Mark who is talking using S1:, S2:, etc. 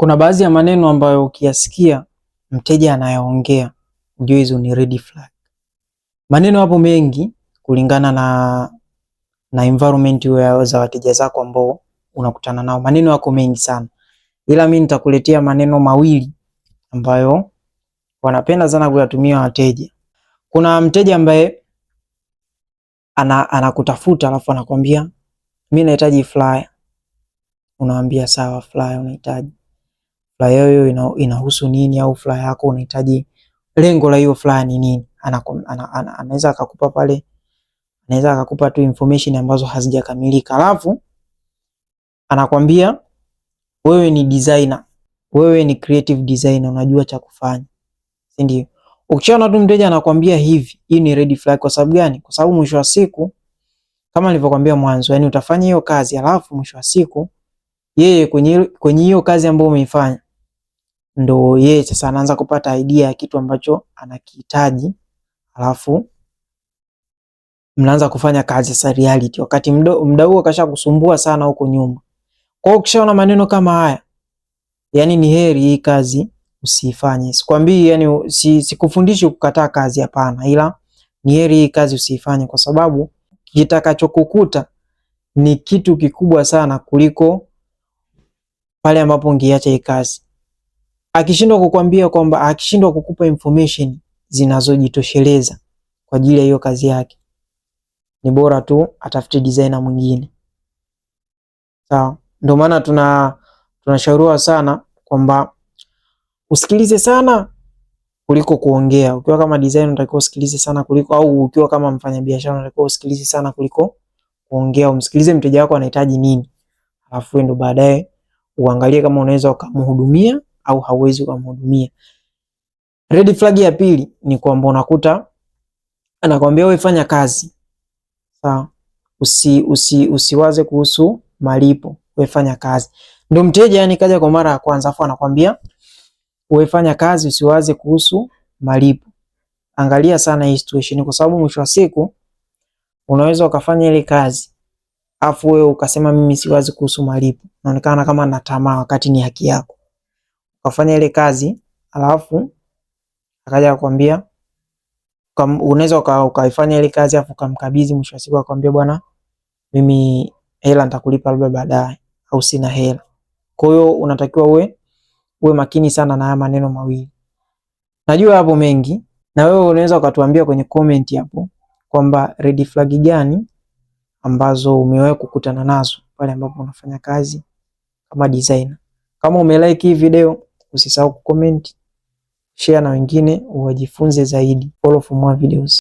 S1: Kuna baadhi ya maneno ambayo ukiyasikia mteja anayaongea ujue hizo ni red flag. Maneno hapo mengi kulingana na, na environment za wateja zako ambao unakutana nao, maneno yako mengi sana, ila mimi nitakuletea maneno mawili ambayo wanapenda sana kuyatumia wateja. Kuna mteja ambaye anakutafuta ana alafu anakwambia mimi nahitaji flyer, unamwambia sawa, flyer unahitaji flyer hiyo inahusu nini, au flyer yako unahitaji lengo la hiyo flyer ni nini. Anaweza akakupa pale, anaweza akakupa tu information ambazo hazijakamilika, alafu anakwambia wewe ni designer, wewe ni creative designer, unajua cha kufanya, si ndio? Ukiona tu mteja anakwambia hivi, hii ni red flag. Kwa sababu gani? Kwa sababu mwisho wa siku kama nilivyokuambia mwanzo, yani utafanya hiyo kazi, alafu mwisho wa siku yeye kwenye kwenye hiyo kazi ambayo umeifanya ndo yeye sasa anaanza kupata idea ya kitu ambacho anakihitaji, alafu mnaanza kufanya kazi sasa reality, wakati muda huo kasha kusumbua sana huko nyuma. Kwa hiyo ukishaona maneno kama haya, yani ni heri hii kazi usiifanye. Sikwambii yani, si, sikufundishi kukataa kazi, hapana, ila ni heri hii kazi usiifanye, kwa sababu kitakachokukuta ni kitu kikubwa sana kuliko pale ambapo ungeacha hii kazi akishindwa kukwambia kwamba akishindwa kukupa information zinazojitosheleza kwa ajili ya hiyo kazi yake, ni bora tu atafute designer mwingine. Sawa, ndio maana tuna tunashauriwa sana kwamba usikilize sana kuliko kuongea. Ukiwa kama designer unatakiwa usikilize sana kuliko au ukiwa kama mfanyabiashara unatakiwa usikilize sana kuliko kuongea. Umsikilize mteja wako anahitaji nini, alafu ndio baadaye uangalie kama unaweza ukamhudumia au hauwezi kumhudumia. Red flag ya pili ni kwamba unakuta anakwambia wewe fanya kazi. Sawa? Usi, usi, usiwaze kuhusu malipo, wewe fanya kazi. Ndio mteja yani kaja kwa mara ya kwanza afu anakwambia wewe fanya kazi usiwaze kuhusu malipo. Angalia sana hii situation kwa sababu mwisho wa siku unaweza ukafanya ile kazi afu wewe ukasema mimi siwazi kuhusu malipo. Naonekana kama natamaa wakati ni haki yako kafanya ile kazi, alafu akaja akwambia, unaweza ukaifanya ile kazi afu ukamkabidhi, mwisho wa siku akwambia, bwana, mimi hela nitakulipa labda baadaye, au sina hela. Kwa hiyo unatakiwa uwe uwe makini sana na haya maneno mawili. Najua hapo mengi, na wewe unaweza ukatuambia kwenye comment hapo kwamba red flag gani ambazo umewahi kukutana nazo pale ambapo unafanya kazi kama designer. Kama umelike hii video Usisahau kucomment, share na wengine wajifunze zaidi. Follow for more videos.